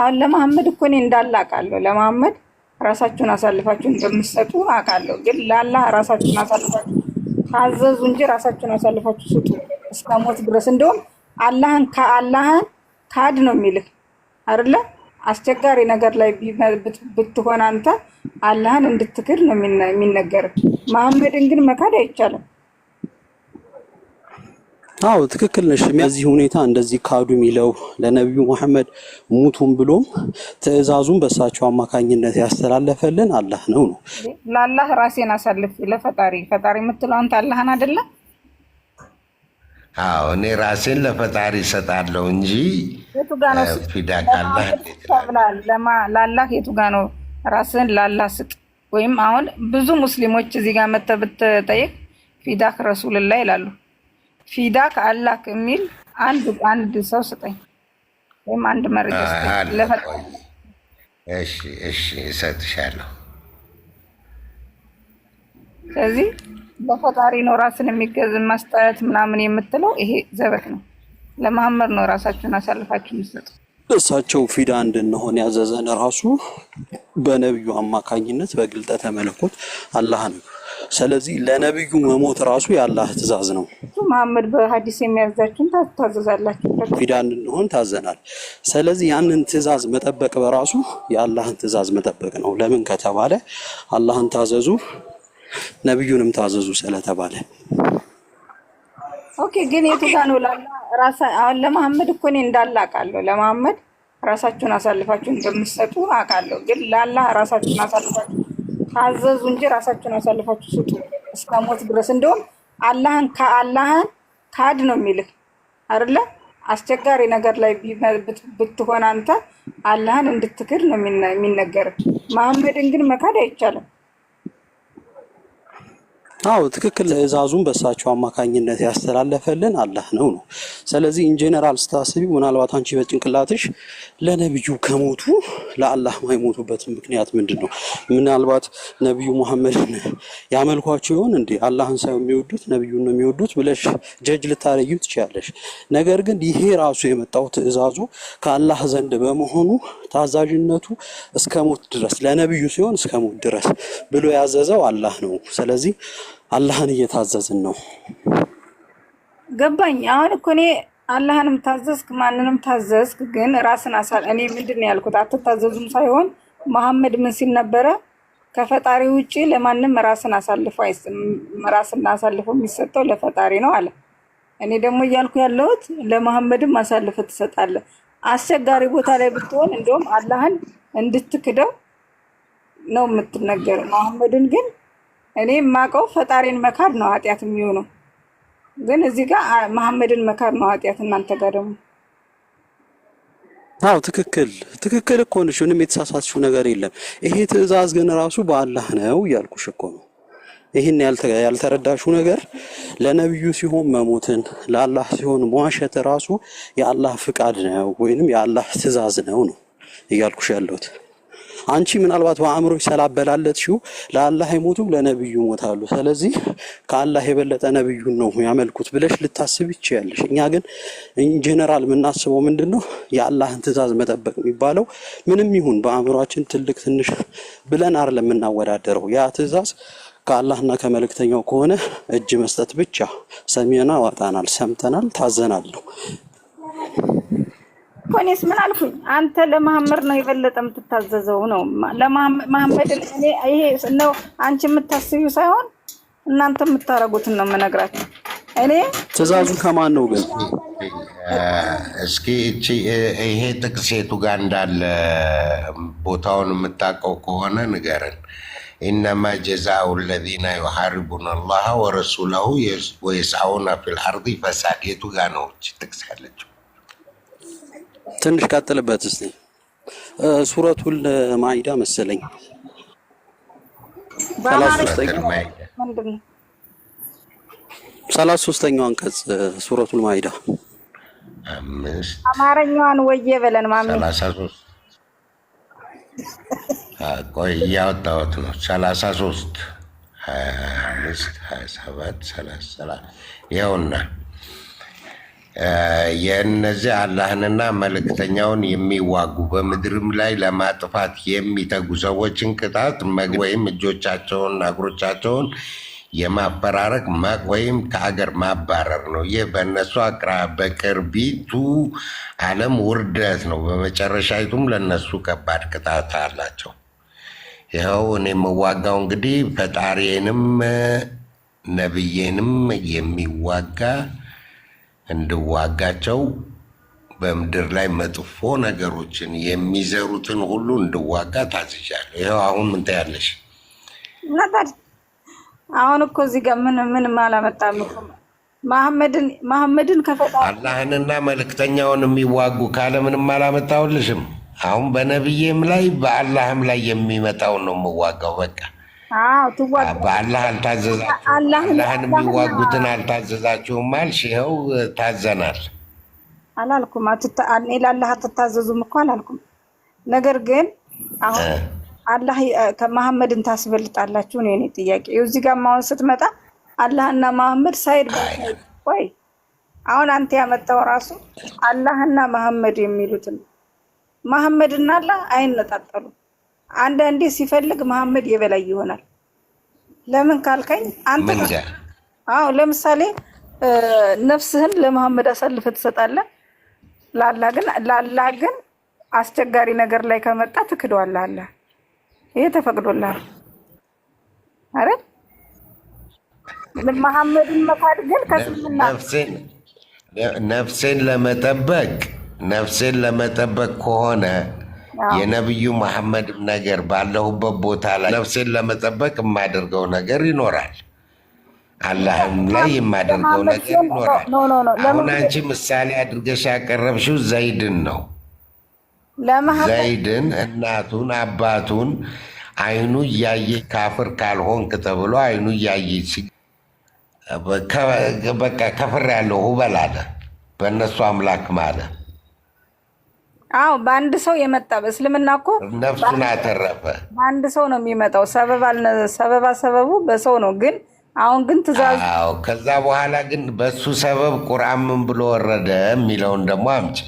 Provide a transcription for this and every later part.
አሁን ለመሐመድ እኮ እኔ እንዳለ አውቃለሁ። ለመሐመድ ራሳችሁን አሳልፋችሁ እንደምትሰጡ አውቃለሁ። ግን ለአላህ ራሳችሁን አሳልፋችሁ ታዘዙ እንጂ ራሳችሁን አሳልፋችሁ ስጡ እስከ ሞት ድረስ። እንደውም አላህን ከአላህን ካድ ነው የሚልህ አይደለ? አስቸጋሪ ነገር ላይ ብትሆን አንተ አላህን እንድትክድ ነው የሚነገር። መሐመድን ግን መካድ አይቻልም። አዎ ትክክል ነሽ። በዚህ ሁኔታ እንደዚህ ካዱ የሚለው ለነቢዩ መሐመድ ሙቱን ብሎም ትዕዛዙን በእሳቸው አማካኝነት ያስተላለፈልን አላህ ነው ነው ለአላህ ራሴን አሳልፍ ለፈጣሪ ፈጣሪ የምትለው አንተ አላህን አይደለም? አዎ እኔ ራሴን ለፈጣሪ እሰጣለሁ እንጂ የቱ ጋ ነው ፊዳ ለአላህ የቱ ጋ ነው ራስን ላላህ ስጥ። ወይም አሁን ብዙ ሙስሊሞች እዚህ ጋር መተህ ብትጠይቅ ፊዳክ ረሱልላህ ይላሉ። ፊዳ ከአላክ የሚል አንድ አንድ ሰው ስጠኝ ወይም አንድ መረጃ ስጠኝ። እሺ እሺ፣ እሰጥሻለሁ። ስለዚህ በፈጣሪ ነው ራስን የሚገዝ ማስጠረት ምናምን የምትለው ይሄ ዘበት ነው። ለመሀመድ ነው ራሳችሁን አሳልፋችሁ የምትሰጡ። እሳቸው ፊዳ እንድንሆን ያዘዘን ራሱ በነቢዩ አማካኝነት በግልጠተ መለኮት አላህ ነው። ስለዚህ ለነቢዩ መሞት ራሱ የአላህ ትእዛዝ ነው። መሐመድ በሀዲስ የሚያዛችሁን ታዘዛላችሁ፣ ፊዳን እንሆን ታዘናል። ስለዚህ ያንን ትእዛዝ መጠበቅ በራሱ የአላህን ትእዛዝ መጠበቅ ነው። ለምን ከተባለ አላህን ታዘዙ ነቢዩንም ታዘዙ ስለተባለ ኦኬ። ግን የቱ ነው አሁን ለመሐመድ እኮ እኔ እንዳለ አውቃለሁ። ለመሐመድ ራሳችሁን አሳልፋችሁ እንደምትሰጡ አውቃለሁ። ግን ለአላህ ራሳችሁን አሳልፋችሁ አዘዙ እንጂ ራሳቸውን አሳልፋችሁ ስጡ እስከ ሞት ድረስ። እንደውም አላህን ከአላህን ካድ ነው የሚልህ አይደለ? አስቸጋሪ ነገር ላይ ብትሆን አንተ አላህን እንድትክድ ነው የሚነገር። መሐመድን ግን መካድ አይቻልም። አዎ ትክክል። ትዕዛዙን በእሳቸው አማካኝነት ያስተላለፈልን አላህ ነው ነው። ስለዚህ ኢንጀነራል ስታስቢ ምናልባት አንቺ በጭንቅላትሽ ለነብዩ ከሞቱ ለአላህ ማይሞቱበት ምክንያት ምንድን ነው? ምናልባት ነብዩ ሙሐመድን ያመልኳቸው ይሆን እንዴ? አላህን ሳይሆን የሚወዱት ነብዩን ነው የሚወዱት ብለሽ ጀጅ ልታለዩ ትችላለሽ። ነገር ግን ይሄ ራሱ የመጣው ትዕዛዙ ከአላህ ዘንድ በመሆኑ ታዛዥነቱ እስከ ሞት ድረስ ለነብዩ ሲሆን እስከ ሞት ድረስ ብሎ ያዘዘው አላህ ነው። ስለዚህ አላህን እየታዘዝን ነው። ገባኝ። አሁን እኮ እኔ አላህንም ታዘዝክ ማንንም ታዘዝክ፣ ግን ራስን አሳል እኔ ምንድን ነው ያልኩት? አትታዘዙም ሳይሆን መሐመድ ምን ሲል ነበረ? ከፈጣሪ ውጭ ለማንም ራስን አሳልፎ ራስን አሳልፎ የሚሰጠው ለፈጣሪ ነው አለ። እኔ ደግሞ እያልኩ ያለሁት ለመሐመድም አሳልፈ ትሰጣለ። አስቸጋሪ ቦታ ላይ ብትሆን እንደውም አላህን እንድትክደው ነው የምትነገረ መሐመድን ግን እኔ የማውቀው ፈጣሪን መካድ ነው ኃጢአት የሚሆነው። ግን እዚህ ጋር መሐመድን መካድ ነው ኃጢአት። እናንተ ጋር ደግሞ አዎ ትክክል ትክክል እኮ ነሽ። ምንም የተሳሳትሽው ነገር የለም። ይሄ ትእዛዝ ግን ራሱ በአላህ ነው እያልኩሽ እኮ ነው። ይህን ያልተረዳሽው ነገር ለነቢዩ ሲሆን መሞትን ለአላህ ሲሆን መዋሸት ራሱ የአላህ ፍቃድ ነው ወይንም የአላህ ትእዛዝ ነው ነው እያልኩሽ ያለሁት። አንቺ ምናልባት ሰላበላለት ስላበላለጥሽው ለአላህ አይሞቱም ለነብዩ ይሞታሉ፣ ስለዚህ ከአላህ የበለጠ ነብዩን ነው ያመልኩት ብለሽ ልታስብ ይችያለሽ። እኛ ግን ኢንጀነራል የምናስበው ምንድን ነው የአላህን ትእዛዝ መጠበቅ የሚባለው ምንም ይሁን በአእምሯችን ትልቅ ትንሽ ብለን አር ለምናወዳደረው ያ ትእዛዝ ከአላህና ከመልእክተኛው ከሆነ እጅ መስጠት ብቻ ሰሚና ዋጣናል ሰምተናል ታዘናል ነው። እኔስ ምን አልኩኝ? አንተ ለመሐመድ ነው የበለጠ የምትታዘዘው ነው ለመሐመድ። ይሄ ነው አንቺ የምታስቢው ሳይሆን እናንተ የምታረጉትን ነው የምነግራችሁ። እኔ ትእዛዙ ከማን ነው ግን? እስኪ እቺ ይሄ ጥቅስ የቱ ጋር እንዳለ ቦታውን የምታውቀው ከሆነ ንገረን። ኢነማ ጀዛኡ ለዚነ ዩሐርቡነ አላህ ወረሱለሁ ወየስአውና ፊልአርዲ ፈሳድ የቱ ጋ ነው ጥቅስ ያለችው? ትንሽ ቀጥልበት እስቲ። ሱረቱል ማይዳ መሰለኝ ሰላሳ ሶስተኛው አንቀጽ ሱረቱል ማይዳ አማርኛዋን ወየ በለን ማሚ ቆይ እያወጣሁት ነው። ሰላሳ ሶስት ሀያ አምስት ሀያ ሰባት ሰላሳ ይኸውና የእነዚህ አላህንና መልእክተኛውን የሚዋጉ በምድርም ላይ ለማጥፋት የሚተጉ ሰዎችን ቅጣት ወይም እጆቻቸውን እግሮቻቸውን የማፈራረቅ ማቅ ወይም ከአገር ማባረር ነው። ይህ በእነሱ አቅራ በቅርቢቱ ዓለም ውርደት ነው። በመጨረሻይቱም ለእነሱ ከባድ ቅጣት አላቸው። ይኸው እኔ የምዋጋው እንግዲህ ፈጣሪንም ነብዬንም የሚዋጋ እንድዋጋቸው በምድር ላይ መጥፎ ነገሮችን የሚዘሩትን ሁሉ እንድዋጋ ታዝዣለሁ። ይኸው አሁን ምን ታያለሽ? አሁን እኮ እዚህ ጋር ምን ምንም አላመጣም። መሐመድን አላህንና መልእክተኛውን የሚዋጉ ካለ ምንም አላመጣውልሽም። አሁን በነብዬም ላይ በአላህም ላይ የሚመጣውን ነው የምዋጋው በቃ በአላህ አላህን የሚዋጉትን አልታዘዛችሁም አልሽ። ይኸው ታዘናል። አላልኩም እኔ ለአላህ አትታዘዙም እኮ አላልኩም። ነገር ግን አሁን አላህ ከመሐመድን ታስበልጣላችሁ ነው የኔ ጥያቄ። እዚህ ጋር ማሁን ስትመጣ አላህና መሐመድ ሳይድ ወይ አሁን አንተ ያመጣው ራሱ አላህና መሐመድ የሚሉትን መሐመድና አላህ አይነጣጠሉም። አንዳንዴ ሲፈልግ መሐመድ የበላይ ይሆናል። ለምን ካልከኝ አንተ አዎ፣ ለምሳሌ ነፍስህን ለመሐመድ አሳልፈ ትሰጣለህ። ላላ ግን ላላ ግን አስቸጋሪ ነገር ላይ ከመጣ ትክደዋለህ። አለ ይሄ ተፈቅዶላል። አረ መሐመድን መካድ ግን ከስምና ነፍሴን ለመጠበቅ ነፍሴን ለመጠበቅ ከሆነ የነቢዩ መሐመድ ነገር ባለሁበት ቦታ ላይ ነፍሴን ለመጠበቅ የማደርገው ነገር ይኖራል። አላህም ላይ የማደርገው ነገር ይኖራል። አሁን አንቺ ምሳሌ አድርገሽ ያቀረብሽው ዘይድን ነው። ዘይድን እናቱን አባቱን አይኑ እያየ ካፍር ካልሆንክ ተብሎ አይኑ እያየ በቃ ከፍር ያለው ሁበል አለ፣ በእነሱ አምላክ ማለት አዎ በአንድ ሰው የመጣ በእስልምና እኮ ነፍሱን አተረፈ። በአንድ ሰው ነው የሚመጣው። ሰበባ ሰበቡ በሰው ነው። ግን አሁን ግን ትእዛዝ ከዛ በኋላ ግን በሱ ሰበብ ቁርአን ምን ብሎ ወረደ የሚለውን ደግሞ አምጪ።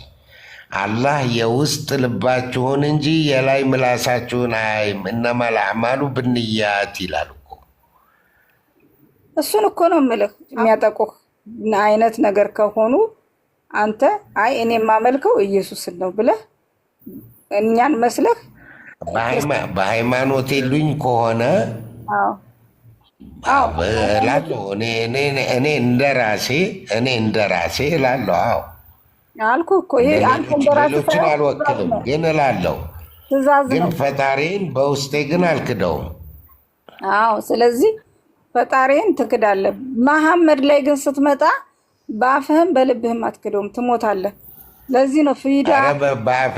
አላህ የውስጥ ልባችሁን እንጂ የላይ ምላሳችሁን አይም እነማ ለአማሉ ብንያት ይላል እኮ። እሱን እኮ ነው የምልህ የሚያጠቁህ አይነት ነገር ከሆኑ አንተ አይ እኔ የማመልከው ኢየሱስን ነው ብለህ እኛን መስለህ በሃይማኖቴ ሉኝ ከሆነ እላለሁ። እኔ እንደ ራሴ እኔ እንደ ራሴ እላለሁ። አዎ አልኩህ እኮ ይሄ ሌሎችን አልወክልም፣ ግን እላለሁ። ግን ፈጣሪን በውስጤ ግን አልክደውም። አዎ ስለዚህ ፈጣሪን ትክዳለህ። መሐመድ ላይ ግን ስትመጣ በአፍህም በልብህም አትክደውም ትሞታለህ። ለዚህ ነው ፊዳ በአፌ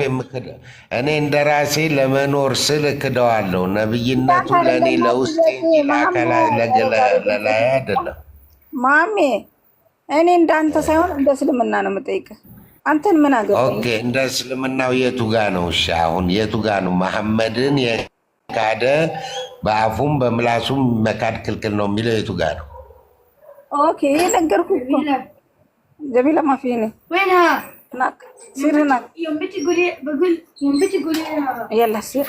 እኔ እንደ ራሴ ለመኖር ስል እክደዋለሁ። ነብይነቱ ለእኔ ለውስጤ ለላይ አይደለም። ማሜ እኔ እንዳንተ ሳይሆን እንደ እስልምና ነው የምጠይቅህ። አንተን ምን አገባኝ? እንደ እስልምናው የቱ ጋ ነው? እሺ አሁን የቱ ጋ ነው? መሐመድን የካደ በአፉም በምላሱም መካድ ክልክል ነው የሚለው የቱ ጋ ነው? ኦኬ ነገርኩህ። Jamila mafini. Wewe nak siri nak የምት ጉሌ በጉል የምት ጉሌ ያላ ሲር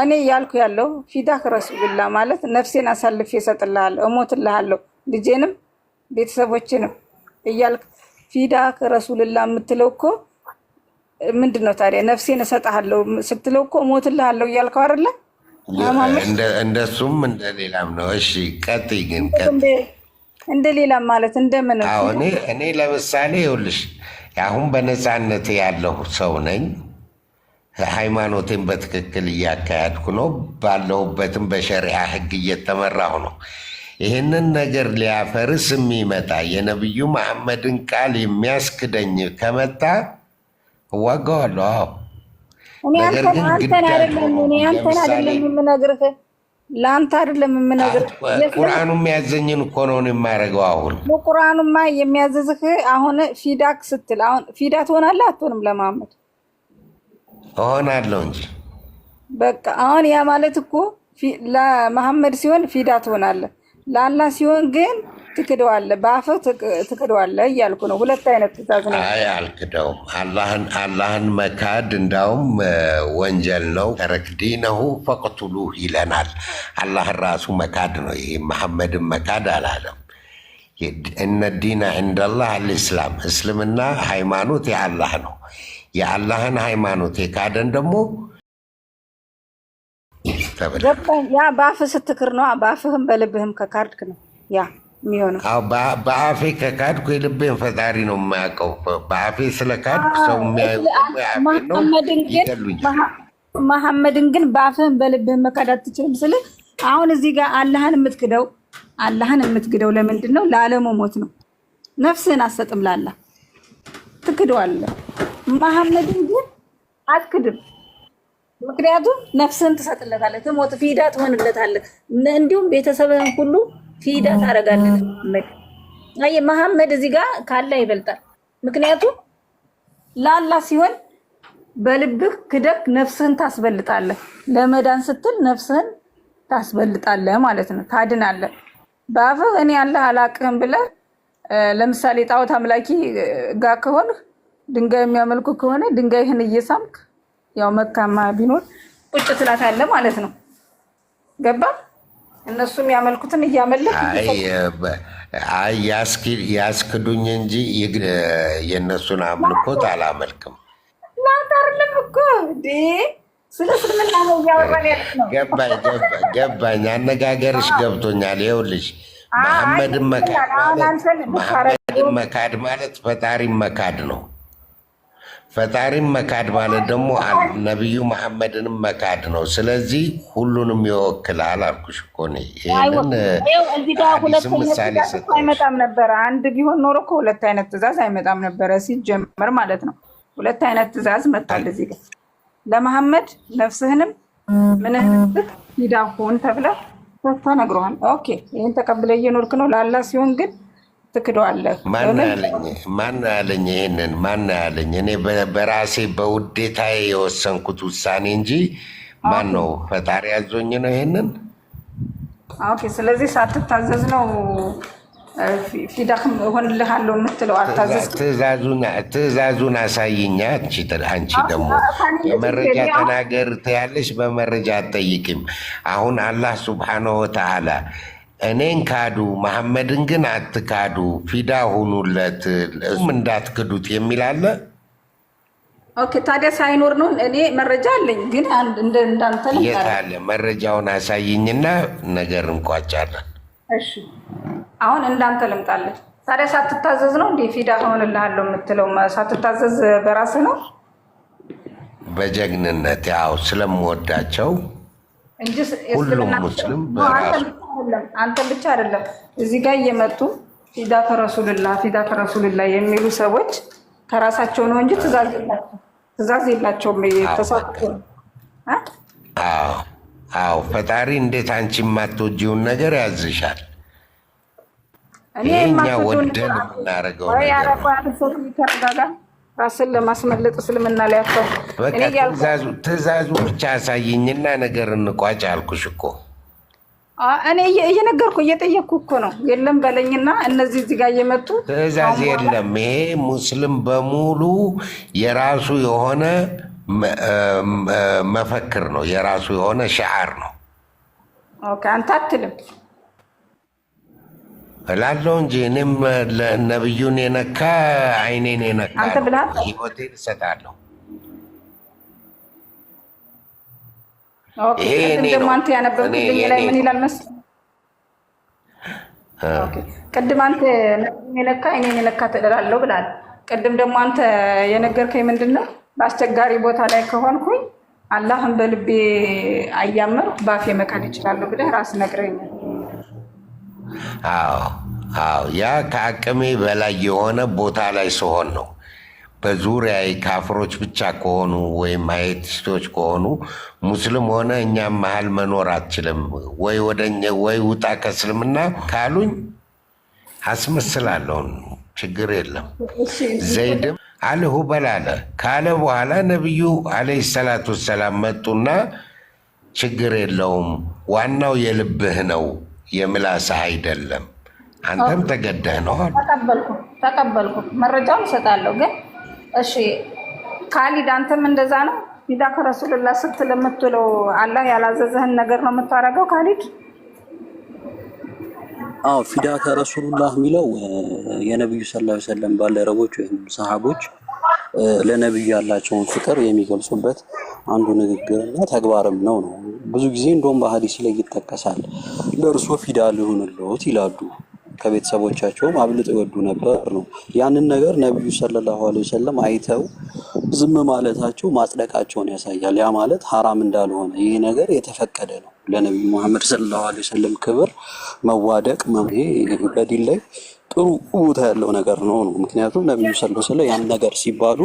እኔ እያልኩ ያለው ፊዳህ ረሱሉላ ማለት ነፍሴን አሳልፌ እሰጥልሃለሁ፣ እሞትልሃለሁ፣ ልጄንም ቤተሰቦችንም እያልክ ፊዳህ ረሱሉላ የምትለው እኮ ምንድን ነው ታዲያ? ነፍሴን እሰጥሃለሁ ስትለው እኮ እሞትልሃለሁ እያልከው አይደለ? እንደሱም እንደሌላም ነው። እሺ ቀጥይ ግን ቀጥይ እንደ ሌላ ማለት እንደምን እኔ ለምሳሌ ይኸውልሽ አሁን በነፃነት ያለሁ ሰው ነኝ። ሃይማኖቴን በትክክል እያካሄድኩ ነው። ባለሁበትም በሸሪያ ህግ እየተመራሁ ነው። ይህንን ነገር ሊያፈርስ የሚመጣ የነቢዩ መሐመድን ቃል የሚያስክደኝ ከመጣ እዋጋዋለሁ። ነገር ግን ግድ ለአንተ አይደለም የምነግርህ። ቁርአኑ የሚያዘኝን እኮ ነው የማያደርገው። አሁን ቁርአኑማ የሚያዘዝህ አሁን ፊዳክ ስትል አሁን ፊዳ ትሆናለህ አትሆንም? ለማመድ እሆናለሁ እንጂ በቃ አሁን ያ ማለት እኮ ለመሐመድ ሲሆን ፊዳ ትሆናለህ፣ ለአላህ ሲሆን ግን ትክደዋለህ፣ በአፍህ ትክደዋለህ እያልኩ ነው። ሁለት አይነት ትእዛዝ ነው። አይ አልክደውም። አላህን መካድ እንዳውም ወንጀል ነው። ተረክዲነሁ ፈቅቱሉ ይለናል። አላህን ራሱ መካድ ነው። ይሄ መሐመድን መካድ አላለም። እነ ዲና እንደላህ አልእስላም፣ እስልምና ሃይማኖት የአላህ ነው። የአላህን ሃይማኖት የካደን ደግሞ ያ በአፍህ ስትክር ነው። በአፍህም በልብህም ከካድክ ነው ያ የሚሆነው። በአፌ ከካድኩ የልቤን ፈጣሪ ነው የማያውቀው። በአፌ ስለ ሰው መሐመድን ግን በአፍህን በልብህን መካድ አትችልም ስል አሁን እዚህ ጋር አላህን የምትክደው አላህን የምትክደው ለምንድን ነው? ለዓለሙ ሞት ነው። ነፍስህን አሰጥም ላላ ትክደዋለህ። መሐመድን ግን አትክድም። ምክንያቱም ነፍስህን ትሰጥለታለህ፣ ትሞት ፊዳ ትሆንለታለህ። እንዲሁም ቤተሰብህን ሁሉ ፊዳ ታደርጋለህ። አይ መሐመድ እዚህ ጋር ካላ ይበልጣል። ምክንያቱም ላላ ሲሆን በልብህ ክደክ ነፍስህን ታስበልጣለህ። ለመዳን ስትል ነፍስህን ታስበልጣለህ ማለት ነው። ታድናለህ። በአፍህ እኔ አላህ አላቅህም ብለህ ለምሳሌ ጣዖት አምላኪ ጋር ከሆንህ ድንጋይ የሚያመልኩ ከሆነ ድንጋይህን እየሳምክ ያው መካማ ቢኖር ቁጭ ትላታለህ ማለት ነው። ገባ እነሱም ያመልኩትን እያመለክ ያስክዱኝ እንጂ የእነሱን አምልኮት አላመልክም። ላታርልም እኮ ስለ እስልምና ነው እያወራን ያለ ገባኝ አነጋገርሽ ገብቶኛል። ይኸውልሽ መሐመድን መካድ ማለት ፈጣሪ መካድ ነው። ፈጣሪም መካድ ማለት ደግሞ ነቢዩ መሐመድንም መካድ ነው። ስለዚህ ሁሉንም ይወክላል አልኩሽ እኮ እኔ ይህንን አይመጣም ነበረ። አንድ ቢሆን ኖሮ እኮ ሁለት አይነት ትእዛዝ አይመጣም ነበረ ሲጀመር ማለት ነው። ሁለት አይነት ትእዛዝ መጥቷል እዚህ ጋር ለመሐመድ ነፍስህንም ምንህንብት ሂዳ ሁን ተብለህ ተነግረዋል። ኦኬ ይህን ተቀብለ እየኖርክ ነው ላላ ሲሆን ግን ትክደዋለህ። ማን አለኝ ማን ይህንን ማን አለኝ? እኔ በራሴ በውዴታዬ የወሰንኩት ውሳኔ እንጂ ማን ነው ፈጣሪ ያዞኝ ነው ይህንን። ኦኬ፣ ስለዚህ ሳትታዘዝ ነው ፊዳክም እሆንልሃለሁ የምትለው ትእዛዙን አሳይኛ። አንቺ ደግሞ በመረጃ ተናገር ትያለሽ፣ በመረጃ አትጠይቂም። አሁን አላህ ሱብሓነሁ ወተዓላ እኔን ካዱ፣ መሐመድን ግን አትካዱ፣ ፊዳ ሁኑለት፣ እሱም እንዳትክዱት የሚል አለ። ኦኬ ታዲያ ሳይኖር ነው። እኔ መረጃ አለኝ፣ ግን እንዳንተ የት አለ መረጃውን አሳይኝና ነገር እንቋጫለን። እሺ አሁን እንዳንተ ልምጣለን። ታዲያ ሳትታዘዝ ነው እንዴ ፊዳ ሆንልሃለሁ የምትለው? ሳትታዘዝ በራስህ ነው። በጀግንነት ያው ስለምወዳቸው ሁሉም ሙስሊም አንተ ብቻ አይደለም። እዚህ ጋር እየመጡ ፊዳ ከረሱልላ ፊዳ ከረሱልላ የሚሉ ሰዎች ከራሳቸው ነው እንጂ ትእዛዝ የላቸውም። ተሳትፎ አዎ፣ ፈጣሪ እንዴት አንቺ የማትወጂውን ነገር ያዝሻል። ይሄኛ ወደን የምናደርገው ነገር ነው። ራስን ለማስመለጥ እስልምና ላይ ትእዛዙ ብቻ አሳይኝና ነገር እንቋጭ አልኩሽ እኮ እኔ እየነገርኩ እየጠየቅኩ እኮ ነው። የለም በለኝና እነዚህ እዚህ ጋር እየመጡ ትእዛዝ የለም። ይሄ ሙስሊም በሙሉ የራሱ የሆነ መፈክር ነው፣ የራሱ የሆነ ሸዓር ነው። አንተ አትልም እላለሁ እንጂ እኔም ነብዩን የነካ አይኔን የነካ ህይወቴን እሰጣለሁ። ቅድም አንተ የነካ አይኔን የነካ ትላለህ ብላል። ቅድም ደግሞ አንተ የነገርከኝ ምንድን ነው? በአስቸጋሪ ቦታ ላይ ከሆንኩኝ አላህን በልቤ አያመርኩ በአፌ መካድ ይችላለሁ ብለህ ራስ ነግረኛል። አዎ አዎ፣ ያ ከአቅሜ በላይ የሆነ ቦታ ላይ ስሆን ነው። በዙሪያ ካፍሮች ብቻ ከሆኑ ወይም አየቲስቶች ከሆኑ ሙስልም ሆነ እኛም መሀል መኖር አትችልም ወይ ወደ ወይ ውጣ ከእስልምና ካሉኝ አስመስላለሁን ችግር የለም። ዘይድም አልሁ በላለ ካለ በኋላ ነቢዩ አለይሂ ሰላት ወሰላም መጡና ችግር የለውም ዋናው የልብህ ነው የምላስ አይደለም። አንተም ተገደህ ነው። ተቀበልኩ፣ መረጃውን እሰጣለሁ። ግን እሺ ካሊድ አንተም እንደዛ ነው። ሂዳ ከረሱልላ ስትል ለምትለው አላህ ያላዘዘህን ነገር ነው የምታደርገው ካሊድ? አዎ ፊዳ ከረሱሉላህ የሚለው የነቢዩ ሰለላሁ ዐለይሂ ወሰለም ባልደረቦች ወይም ሰሃቦች ለነብዩ ያላቸውን ፍቅር የሚገልጹበት አንዱ ንግግርና ተግባርም ነው ነው ብዙ ጊዜ እንደውም በሐዲስ ላይ ይጠቀሳል። ለእርሶ ፊዳ ልሆንልዎት ይላሉ። ከቤተሰቦቻቸውም አብልጥ ይወዱ ነበር ነው። ያንን ነገር ነቢዩ ሰለላሁ ዐለይሂ ወሰለም አይተው ዝም ማለታቸው ማጽደቃቸውን ያሳያል። ያ ማለት ሀራም እንዳልሆነ ይህ ነገር የተፈቀደ ነው። ለነቢዩ ሙሐመድ ሰለላሁ ዐለይሂ ወሰለም ክብር መዋደቅ በዲን ላይ ጥሩ ቦታ ያለው ነገር ነው ነው። ምክንያቱም ነብዩ ሰለላሁ ዐለይሂ ያን ነገር ሲባሉ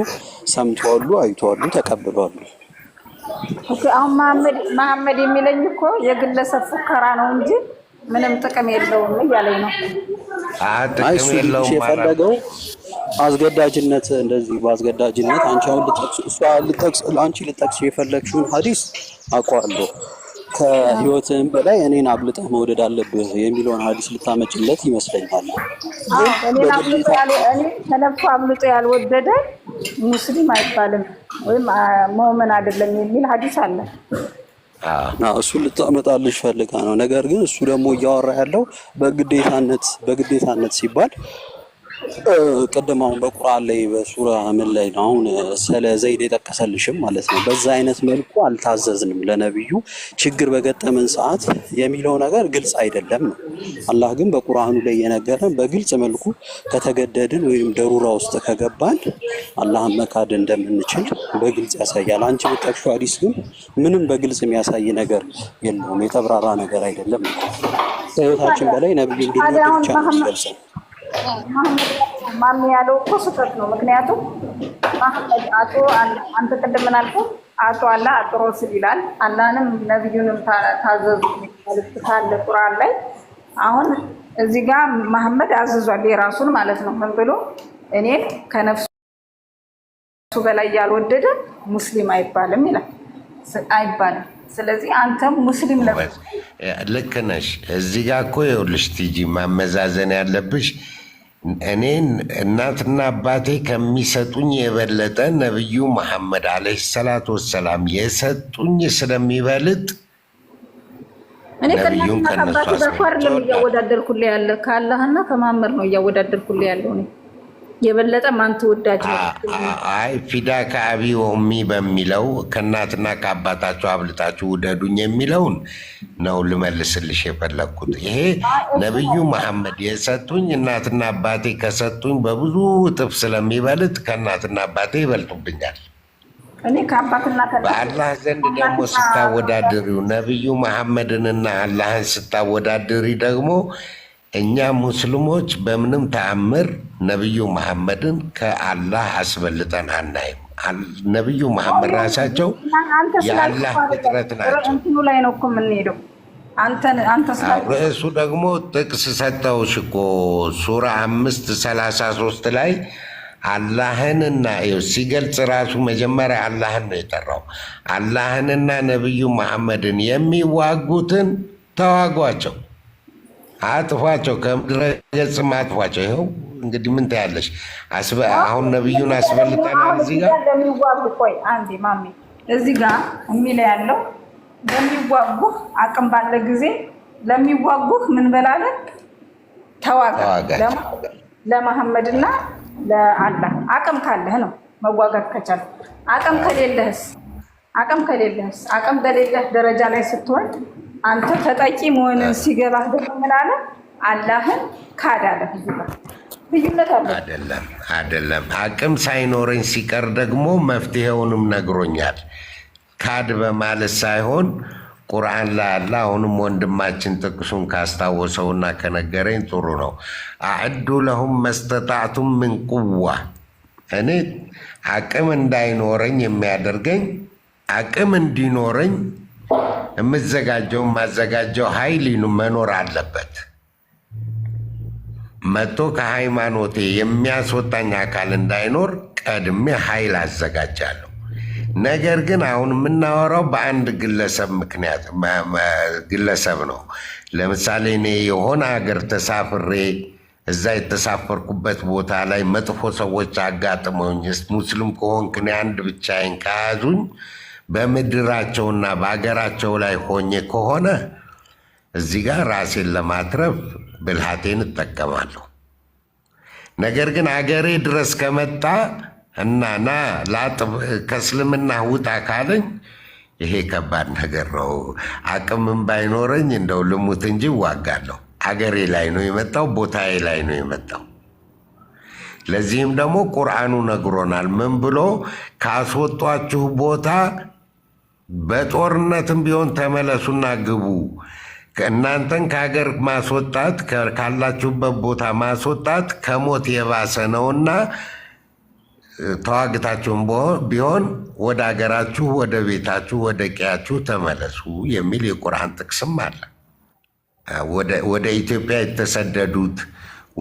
ሰምተዋሉ፣ አይተዋሉ፣ ተቀብለዋሉ። ኦኬ አሁን መሐመድ መሐመድ የሚለኝ እኮ የግለሰብ ፉከራ ነው እንጂ ምንም ጥቅም የለውም እያለኝ ነው። እሱ ልጅ የፈለገው አስገዳጅነት እንደዚህ በአስገዳጅነት አንቺ አሁን ልጠቅስ አንቺ ልጠቅስ የፈለግሽውን ሀዲስ አውቀዋለሁ ከህይወትህም በላይ እኔን አብልጠህ መውደድ አለብህ የሚለውን ሀዲስ ልታመጭለት ይመስለኛል። ተለብቶ አብልጦ ያልወደደ ሙስሊም አይባልም ወይም መመን አይደለም የሚል ሀዲስ አለ። እሱን ልታመጣልሽ ፈልጋ ነው። ነገር ግን እሱ ደግሞ እያወራ ያለው በግዴታነት በግዴታነት ሲባል ቅድም አሁን በቁርአን ላይ በሱራ ምን ላይ ነው አሁን ስለ ዘይድ የጠቀሰልሽም ማለት ነው። በዛ አይነት መልኩ አልታዘዝንም ለነቢዩ ችግር በገጠመን ሰዓት የሚለው ነገር ግልጽ አይደለም ነው። አላህ ግን በቁርአኑ ላይ የነገረን በግልጽ መልኩ ከተገደድን ወይም ደሩራ ውስጥ ከገባን አላህን መካድ እንደምንችል በግልጽ ያሳያል። አንቺ ብጠቅሽው አዲስ ግን ምንም በግልጽ የሚያሳይ ነገር የለውም። የተብራራ ነገር አይደለም። ከህይወታችን በላይ ነቢዩ እንድንወድ ብቻ ነው ማሚ ያለው እኮ ስህተት ነው። ምክንያቱም ማህመድ አቶ አንተ ቅድም ምን አልኩህ? አቶ አላ አጥሮስ ይላል። አላንም ነቢዩንም ታዘዙ ካለ ቁርአን ላይ አሁን እዚህ ጋር መሐመድ አዝዟል የራሱን ማለት ነው። ምን ብሎ እኔ ከነፍሱ በላይ ያልወደደ ሙስሊም አይባልም ይላል አይባልም። ስለዚህ አንተም ሙስሊም ልክ ነሽ። እዚህ ጋር እኮ ይኸውልሽ ቲጂ ማመዛዘን ያለብሽ እኔን እናትና አባቴ ከሚሰጡኝ የበለጠ ነቢዩ መሐመድ ዓለይሂ ሰላቱ ወሰላም የሰጡኝ ስለሚበልጥ እኔ ከእናትና ከአባቴ ጋር እኮ አይደለም እያወዳደርኩልህ ያለ ከአላህና ከመሐመድ ነው እያወዳደርኩልህ ያለው። የበለጠ ማን ተወዳጅ ነው? አይ ፊዳ ከአቢ ወሚ በሚለው ከእናትና ከአባታቸው አብልጣችሁ ውደዱኝ የሚለውን ነው ልመልስልሽ የፈለግኩት። ይሄ ነቢዩ መሐመድ የሰጡኝ እናትና አባቴ ከሰጡኝ በብዙ እጥፍ ስለሚበልጥ ከእናትና አባቴ ይበልጡብኛል። በአላህ ዘንድ ደግሞ ስታወዳድሪው ነቢዩ መሐመድንና አላህን ስታወዳድሪ ደግሞ እኛ ሙስሊሞች በምንም ተአምር ነቢዩ መሐመድን ከአላህ አስበልጠን አናይም። ነቢዩ መሐመድ ራሳቸው የአላህ ፍጥረት ናቸው። ርዕሱ ደግሞ ጥቅስ ሰጠው ሽኮ ሱራ አምስት ሰላሳ ሶስት ላይ አላህንና ሲገልጽ ራሱ መጀመሪያ አላህን ነው የጠራው። አላህንና ነቢዩ መሐመድን የሚዋጉትን ተዋጓቸው አጥፏቸው ከምድረገጽም አጥፏቸው። ይኸው እንግዲህ ምን ታያለሽ? አሁን ነቢዩን አስበልጠናል። እዚህ ጋር ለሚዋጉ ቆይ አንዴ ማሚ፣ እዚህ ጋር የሚለ ያለው ለሚዋጉህ አቅም ባለ ጊዜ ለሚዋጉህ ምን በላለን ተዋጋ። ለመሐመድና ለአላህ አቅም ካለህ ነው መዋጋት ከቻል። አቅም ከሌለህስ አቅም ከሌለህስ አቅም በሌለህ ደረጃ ላይ ስትሆን አንተ ተጠቂ መሆንን ሲገባ ደግሞ ምን አለ? አላህን ካዳለ። ልዩነት አለ አይደለም? አይደለም። አቅም ሳይኖረኝ ሲቀር ደግሞ መፍትሄውንም ነግሮኛል። ካድ በማለት ሳይሆን ቁርአን ላይ አለ። አሁንም ወንድማችን ጥቅሱን ካስታወሰውና ከነገረኝ ጥሩ ነው። አዕዱ ለሁም መስተጣዕቱም ምን ቁዋ እኔ አቅም እንዳይኖረኝ የሚያደርገኝ አቅም እንዲኖረኝ የምዘጋጀው የማዘጋጀው ኃይል መኖር አለበት። መቶ ከሃይማኖቴ የሚያስወጣኝ አካል እንዳይኖር ቀድሜ ሀይል አዘጋጃለሁ። ነገር ግን አሁን የምናወራው በአንድ ግለሰብ ምክንያት ግለሰብ ነው። ለምሳሌ እኔ የሆነ ሀገር ተሳፍሬ እዛ የተሳፈርኩበት ቦታ ላይ መጥፎ ሰዎች አጋጥመውኝ ሙስሊም ከሆንክ እኔ አንድ ብቻዬን ከያዙኝ በምድራቸውና በአገራቸው ላይ ሆኜ ከሆነ እዚህ ጋር ራሴን ለማትረፍ ብልሃቴን እጠቀማለሁ። ነገር ግን አገሬ ድረስ ከመጣ እና ና ከእስልምና ውጣ ካለኝ ይሄ ከባድ ነገር ነው። አቅምም ባይኖረኝ እንደው ልሙት እንጂ እዋጋለሁ። አገሬ ላይ ነው የመጣው፣ ቦታዬ ላይ ነው የመጣው። ለዚህም ደግሞ ቁርአኑ ነግሮናል። ምን ብሎ ካስወጧችሁ ቦታ በጦርነትም ቢሆን ተመለሱና ግቡ። እናንተን ከሀገር ማስወጣት ካላችሁበት ቦታ ማስወጣት ከሞት የባሰ ነውና ተዋግታችሁም ቢሆን ወደ ሀገራችሁ፣ ወደ ቤታችሁ፣ ወደ ቀያችሁ ተመለሱ የሚል የቁርአን ጥቅስም አለ። ወደ ኢትዮጵያ የተሰደዱት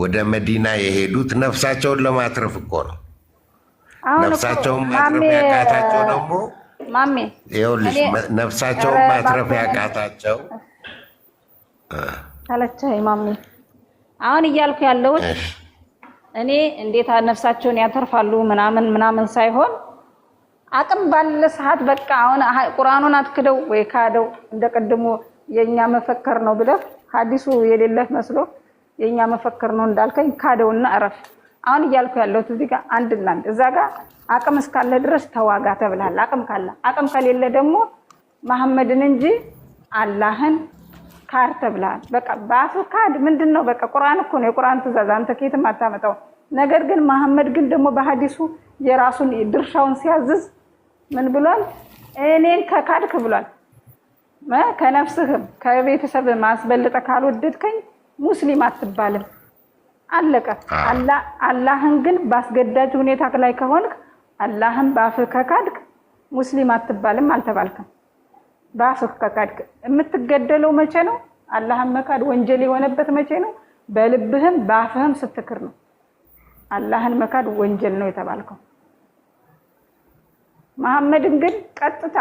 ወደ መዲና የሄዱት ነፍሳቸውን ለማትረፍ እኮ ነው። ነፍሳቸውን ማትረፍ ያቃታቸው ደግሞ ማሜ ይኸውልሽ ነፍሳቸውን ማትረፍ ያቃታቸው ካለቻ ማሜ አሁን እያልኩ ያለሁት እኔ እንዴት ነፍሳቸውን ያተርፋሉ ምናምን ምናምን ሳይሆን አቅም ባለ ሰዓት በቃ አሁን ቁርአኑን አትክደው ወይ ካደው እንደ ቅድሙ የእኛ መፈከር ነው ብለህ ሀዲሱ የሌለህ መስሎ የእኛ መፈከር ነው እንዳልከኝ ካደውና እረፍ። አሁን እያልኩ ያለሁት እዚህ ጋር አንድና አንድ እዛ ጋር አቅም እስካለ ድረስ ተዋጋ ተብላል። አቅም ካለ አቅም ከሌለ ደግሞ መሐመድን እንጂ አላህን ካር ተብላል። በቃ በአፍ ካድ ምንድን ነው? በቃ ቁርአን እኮ ነው፣ የቁርአን ትእዛዝ አንተ ከየትም አታመጣው። ነገር ግን መሐመድ ግን ደግሞ በሀዲሱ የራሱን ድርሻውን ሲያዝዝ ምን ብሏል? እኔን ከካድክ ብሏል። ከነፍስህም ከቤተሰብህም አስበልጠ ካልወደድከኝ ሙስሊም አትባልም። አለቀ። አላህን ግን በአስገዳጅ ሁኔታ ላይ ከሆንክ አላህም በአፍህ ከካድክ ሙስሊም አትባልም አልተባልክም። በአፍህ ከካድክ የምትገደለው መቼ ነው? አላህም መካድ ወንጀል የሆነበት መቼ ነው? በልብህም በአፍህም ስትክር ነው። አላህን መካድ ወንጀል ነው የተባልከው። መሐመድን ግን ቀጥታ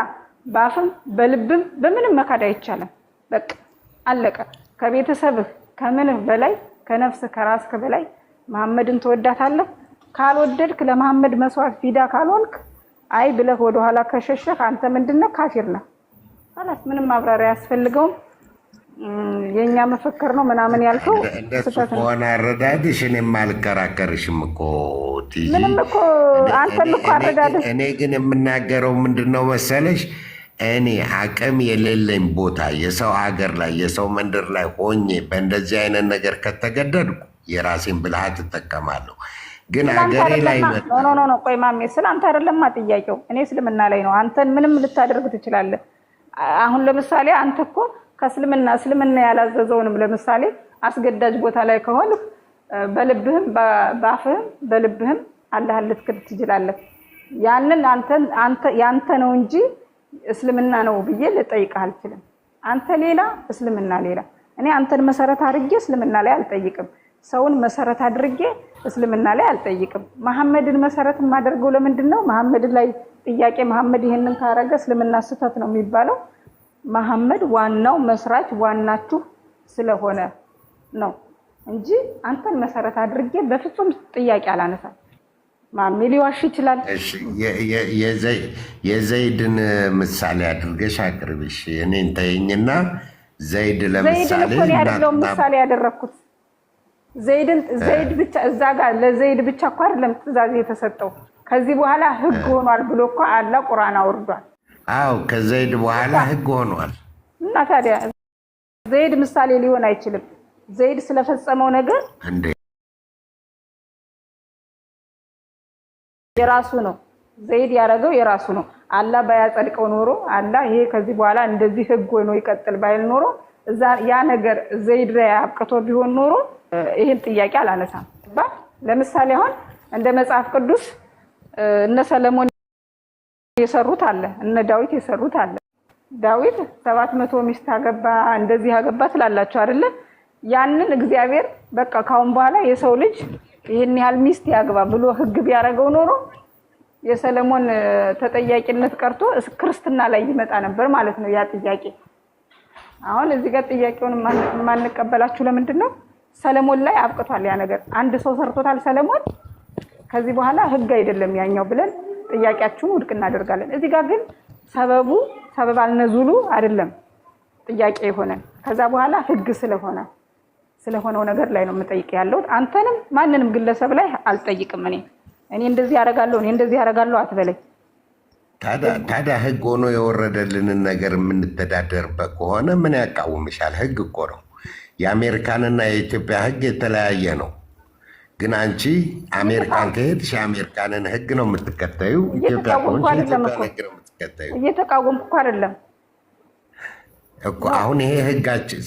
በአፍም በልብም በምንም መካድ አይቻልም። በቃ አለቀ። ከቤተሰብህ ከምንህ በላይ ከነፍስህ ከራስህ በላይ መሐመድን ትወዳታለህ። ካልወደድክ ለመሐመድ መስዋዕት ፊዳ ካልሆንክ አይ ብለህ ወደኋላ ከሸሸህ አንተ ምንድነ ካፊር ነህ። ላስ ምንም ማብራሪያ አያስፈልገውም። የእኛ መፈክር ነው ምናምን ያልከው ሆነ። አረዳድሽ እኔም አልከራከርሽም እኮ ምንም እኮ አንተም እኮ አረዳድሽ። እኔ ግን የምናገረው ምንድን ነው መሰለሽ እኔ አቅም የሌለኝ ቦታ የሰው ሀገር ላይ የሰው መንደር ላይ ሆኜ በእንደዚህ አይነት ነገር ከተገደድኩ የራሴን ብልሃት እጠቀማለሁ። ግን አገሬ ላይ ኖ ቆይ ማሜ ስለ አንተ አይደለማ ጥያቄው፣ እኔ እስልምና ላይ ነው። አንተን ምንም ልታደርግ ትችላለህ። አሁን ለምሳሌ አንተ እኮ ከእስልምና እስልምና ያላዘዘውንም ለምሳሌ አስገዳጅ ቦታ ላይ ከሆን በልብህም በአፍህም በልብህም አላህን ልትክድ ትችላለህ። ያንን ያንተ ነው እንጂ እስልምና ነው ብዬ ልጠይቅህ አልችልም። አንተ ሌላ እስልምና ሌላ። እኔ አንተን መሰረት አድርጌ እስልምና ላይ አልጠይቅም። ሰውን መሰረት አድርጌ እስልምና ላይ አልጠይቅም። መሐመድን መሰረት የማደርገው ለምንድን ነው? መሐመድ ላይ ጥያቄ መሐመድ ይህንን ካረገ እስልምና ስህተት ነው የሚባለው። መሐመድ ዋናው መስራች ዋናችሁ ስለሆነ ነው እንጂ አንተን መሰረት አድርጌ በፍጹም ጥያቄ አላነሳም። ማሜ ሊዋሽ ይችላል። የዘይድን ምሳሌ አድርገሽ አቅርብሽ። እኔን ተይኝና ዘይድ ለምሳሌ ምሳሌ ያደረግኩት ዘይድን ዘይድ ብቻ እዛ ጋር ለዘይድ ብቻ እኮ አይደለም ትእዛዝ የተሰጠው ከዚህ በኋላ ህግ ሆኗል ብሎ እኮ አላ ቁርአን አውርዷል። አዎ ከዘይድ በኋላ ህግ ሆኗል። እና ታዲያ ዘይድ ምሳሌ ሊሆን አይችልም። ዘይድ ስለፈጸመው ነገር የራሱ ነው። ዘይድ ያደረገው የራሱ ነው። አላ ባያጸድቀው ኖሮ አላ ይሄ ከዚህ በኋላ እንደዚህ ህግ ሆኖ ይቀጥል ባይል ኖሮ ያ ነገር ዘይድ ላይ አብቅቶ ቢሆን ኖሮ ይህን ጥያቄ አላነሳም። ለምሳሌ አሁን እንደ መጽሐፍ ቅዱስ እነ ሰለሞን የሰሩት አለ፣ እነ ዳዊት የሰሩት አለ። ዳዊት ሰባት መቶ ሚስት አገባ እንደዚህ አገባ ትላላቸው አይደለ? ያንን እግዚአብሔር በቃ ካሁን በኋላ የሰው ልጅ ይህን ያህል ሚስት ያግባ ብሎ ሕግ ቢያደርገው ኖሮ የሰለሞን ተጠያቂነት ቀርቶ ክርስትና ላይ ይመጣ ነበር ማለት ነው ያ ጥያቄ። አሁን እዚህ ጋር ጥያቄውን የማንቀበላችሁ ለምንድን ነው? ሰለሞን ላይ አብቅቷል ያ ነገር። አንድ ሰው ሰርቶታል ሰለሞን። ከዚህ በኋላ ህግ አይደለም ያኛው ብለን ጥያቄያችሁን ውድቅ እናደርጋለን። እዚህ ጋር ግን ሰበቡ ሰበብ አልነዙሉ አይደለም ጥያቄ የሆነን ከዛ በኋላ ህግ ስለሆነ ስለሆነው ነገር ላይ ነው የምጠይቅ ያለሁት። አንተንም ማንንም ግለሰብ ላይ አልጠይቅም። እኔ እኔ እንደዚህ ያደርጋለሁ እኔ እንደዚህ ያደርጋለሁ አትበለኝ። ታዲያ ህግ ሆኖ የወረደልንን ነገር የምንተዳደርበት ከሆነ ምን ያቃውምሻል? ህግ እኮ ነው። የአሜሪካንና የኢትዮጵያ ህግ የተለያየ ነው። ግን አንቺ አሜሪካን ከሄድሽ የአሜሪካንን ህግ ነው የምትከተዩ። ኢትዮጵያ እየተቃወምኩ እኮ አይደለም እኮ አሁን ይሄ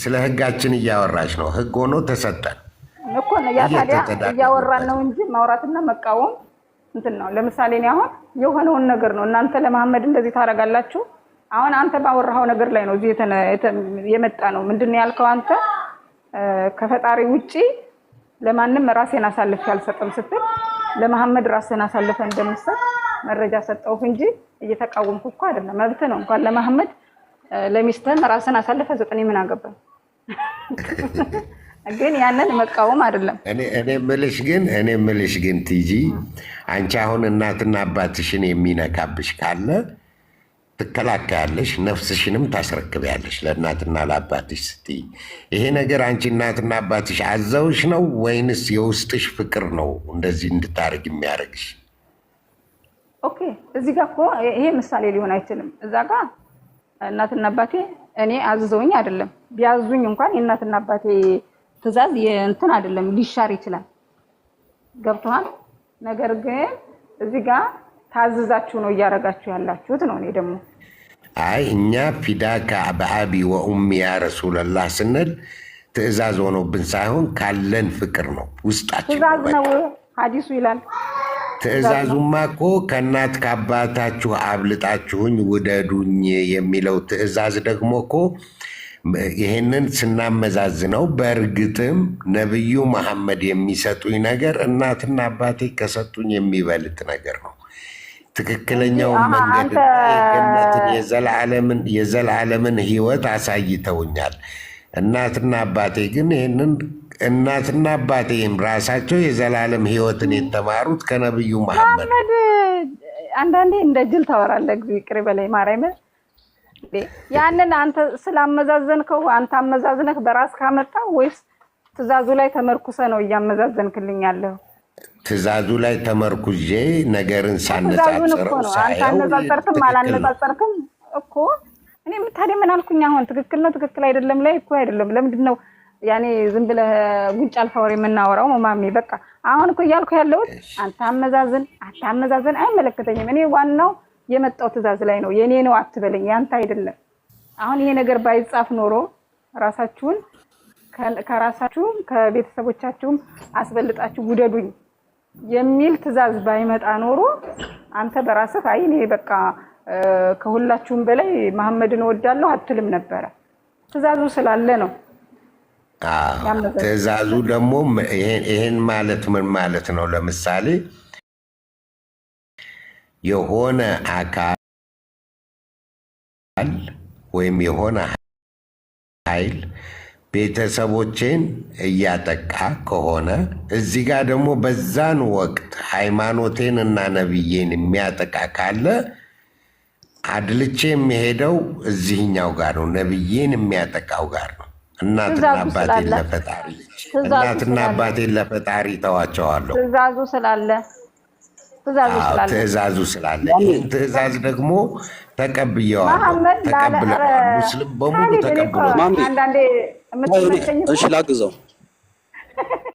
ስለ ህጋችን እያወራሽ ነው። ህግ ሆኖ ተሰጠን እኮ ነው። ያ ታዲያ እያወራን ነው እንጂ ማውራትና መቃወም እንትን ነው። ለምሳሌ እኔ አሁን የሆነውን ነገር ነው እናንተ ለመሐመድ እንደዚህ ታደርጋላችሁ። አሁን አንተ ባወራኸው ነገር ላይ ነው እዚህ የመጣ ነው። ምንድን ነው ያልከው አንተ? ከፈጣሪ ውጪ ለማንም ራሴን አሳልፌ አልሰጥም ስትል ለመሐመድ ራስን አሳልፈ እንደምሰጥ መረጃ ሰጠው እንጂ እየተቃወምኩ እኮ አይደለም። መብት ነው። እንኳን ለመሐመድ ለሚስትህም ራስን አሳልፈ ዘጠኝ ምን አገባኝ። ግን ያንን መቃወም አይደለም። እኔ ምልሽ ግን እኔ ምልሽ ግን ቲጂ አንቺ አሁን እናትና አባትሽን የሚነካብሽ ካለ ትከላከያለሽ፣ ነፍስሽንም ታስረክቢያለሽ ለእናትና ለአባትሽ ስትይ። ይሄ ነገር አንቺ እናትና አባትሽ አዘውሽ ነው ወይንስ የውስጥሽ ፍቅር ነው እንደዚህ እንድታደርግ የሚያደርግሽ? ኦኬ እዚህ ጋር እኮ ይሄ ምሳሌ ሊሆን አይችልም። እዛ ጋ እናትና አባቴ እኔ አዝዘውኝ አይደለም። ቢያዙኝ እንኳን የእናትና አባቴ ትዕዛዝ እንትን አይደለም፣ ሊሻር ይችላል። ገብቶሃል? ነገር ግን እዚህ ጋር ታዝዛችሁ ነው እያደረጋችሁ ያላችሁት ነው። እኔ ደግሞ አይ እኛ ፊዳካ በአቢ ወኡሚ ያ ረሱለላህ ስንል ትዕዛዝ ሆኖብን ሳይሆን ካለን ፍቅር ነው። ውስጣችን ትዕዛዝ ነው። ሀዲሱ ይላል። ትዕዛዙማ እኮ ከእናት ከአባታችሁ አብልጣችሁኝ ውደዱኝ የሚለው ትዕዛዝ ደግሞ እኮ ስናመዛዝ ስናመዛዝነው በእርግጥም ነቢዩ መሐመድ የሚሰጡኝ ነገር እናትና አባቴ ከሰጡኝ የሚበልጥ ነገር ነው። ትክክለኛው መንገድ የዘላለምን ህይወት አሳይተውኛል። እናትና አባቴ ግን ይህንን እናትና አባቴም ራሳቸው የዘላለም ህይወትን የተማሩት ከነብዩ መሐመድ። አንዳንዴ እንደ ጅል ታወራለህ። ጊዜ ቅሪ በላይ ማርያም ያንን አንተ ስላመዛዘንከው አንተ አመዛዝነህ በራስ ካመጣ ወይስ ትእዛዙ ላይ ተመርኩሰ ነው እያመዛዘንክልኛለሁ? ትእዛዙ ላይ ተመርኩዤ ነገርን ሳነጻጽረው አልታነጻጸርክም አላነጻጸርክም እኮ እኔ የምታደ ምን አልኩኝ? አሁን ትክክል ነው ትክክል አይደለም ላይ እኮ አይደለም። ለምንድን ነው ያኔ ዝም ብለህ ጉንጭ አልፋወር የምናወራው? ማሚ በቃ አሁን እኮ እያልኩ ያለሁት አንተ አመዛዝን አታመዛዝን አይመለከተኝም። እኔ ዋናው የመጣው ትእዛዝ ላይ ነው። የእኔ ነው አትበለኝ፣ ያንተ አይደለም። አሁን ይሄ ነገር ባይጻፍ ኖሮ ራሳችሁን ከራሳችሁም ከቤተሰቦቻችሁም አስበልጣችሁ ውደዱኝ የሚል ትዕዛዝ ባይመጣ ኖሮ አንተ በራስህ አይ እኔ በቃ ከሁላችሁም በላይ መሐመድን እወዳለሁ አትልም ነበረ። ትዕዛዙ ስላለ ነው። ትዕዛዙ ደግሞ ይሄን ማለት ምን ማለት ነው? ለምሳሌ የሆነ አካል ወይም የሆነ ኃይል ቤተሰቦቼን እያጠቃ ከሆነ እዚህ ጋር ደግሞ በዛን ወቅት ሃይማኖቴን እና ነብዬን የሚያጠቃ ካለ አድልቼ የሚሄደው እዚህኛው ጋር ነው፣ ነብዬን የሚያጠቃው ጋር ነው። እናትና አባቴን ለፈጣሪ እናትና አባቴን ለፈጣሪ ተዋቸዋለሁ ትእዛዙ ስላለ ትእዛዙ ስላለ ትእዛዝ ደግሞ ተቀብየዋለሁ። ተቀብለዋል። ሙስሊም በሙሉ ተቀብሎ እሺ ላግዘው